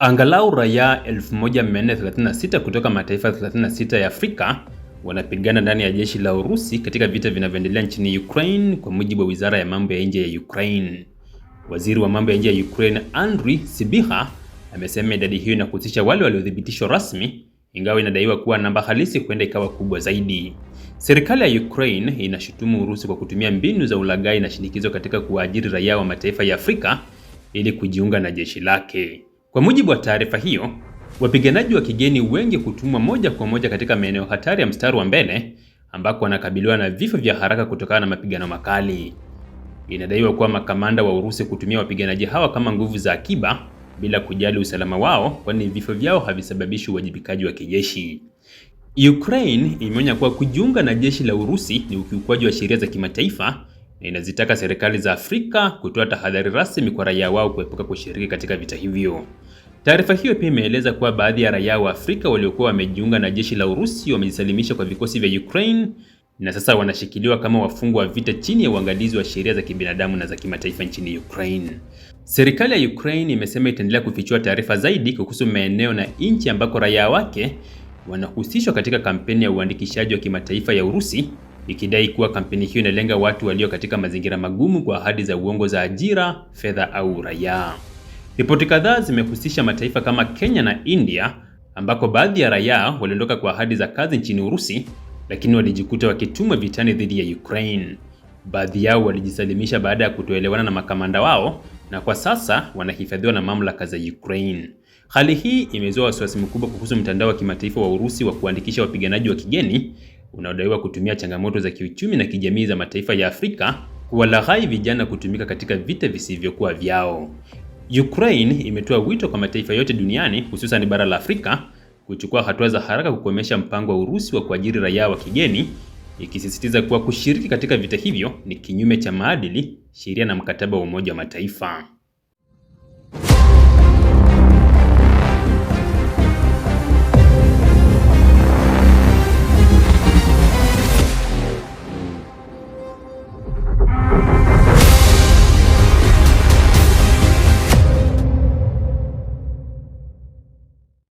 Angalau raia 1436 kutoka mataifa 36 ya Afrika wanapigana ndani ya jeshi la Urusi katika vita vinavyoendelea nchini Ukraine kwa mujibu wa Wizara ya Mambo ya Nje ya Ukraine. Waziri wa Mambo ya Nje ya Ukraine, Andriy Sybiha, amesema idadi hiyo inahusisha wale waliothibitishwa rasmi, ingawa inadaiwa kuwa namba halisi huenda ikawa kubwa zaidi. Serikali ya Ukraine inashutumu Urusi kwa kutumia mbinu za ulaghai na shinikizo katika kuwaajiri raia wa mataifa ya Afrika ili kujiunga na jeshi lake. Kwa mujibu wa taarifa hiyo, wapiganaji wa kigeni wengi hutumwa moja kwa moja katika maeneo hatari ya mstari wa mbele ambako wanakabiliwa na vifo vya haraka kutokana na mapigano makali. Inadaiwa kuwa makamanda wa Urusi kutumia wapiganaji hawa kama nguvu za akiba bila kujali usalama wao, kwani vifo vyao havisababishi uwajibikaji wa kijeshi. Ukraine imeonya kuwa kujiunga na jeshi la Urusi ni ukiukwaji wa sheria za kimataifa na inazitaka serikali za Afrika kutoa tahadhari rasmi kwa raia wao kuepuka kushiriki katika vita hivyo. Taarifa hiyo pia imeeleza kuwa baadhi ya raia wa Afrika waliokuwa wamejiunga na jeshi la Urusi wamejisalimisha kwa vikosi vya Ukraine na sasa wanashikiliwa kama wafungwa wa vita chini ya uangalizi wa sheria za kibinadamu na za kimataifa nchini Ukraine. Serikali ya Ukraine imesema itaendelea kufichua taarifa zaidi kuhusu maeneo na nchi ambako raia wake wanahusishwa katika kampeni ya uandikishaji wa kimataifa ya Urusi ikidai kuwa kampeni hiyo inalenga watu walio katika mazingira magumu kwa ahadi za uongo za ajira, fedha au raia. Ripoti kadhaa zimehusisha mataifa kama Kenya na India ambako baadhi ya raia waliondoka kwa ahadi za kazi nchini Urusi, lakini walijikuta wakitumwa vitani dhidi ya Ukraine. Baadhi yao walijisalimisha baada ya kutoelewana na makamanda wao na kwa sasa wanahifadhiwa na mamlaka za Ukraine. Hali hii imezua wasiwasi mkubwa kuhusu mtandao wa kimataifa wa Urusi wa kuandikisha wapiganaji wa kigeni unaodaiwa kutumia changamoto za kiuchumi na kijamii za mataifa ya Afrika kuwalaghai vijana kutumika katika vita visivyokuwa vyao. Ukraine imetoa wito kwa mataifa yote duniani hususan bara la Afrika kuchukua hatua za haraka kukomesha mpango wa Urusi wa kuajiri raia wa kigeni, ikisisitiza kuwa kushiriki katika vita hivyo ni kinyume cha maadili, sheria na mkataba wa Umoja wa Mataifa.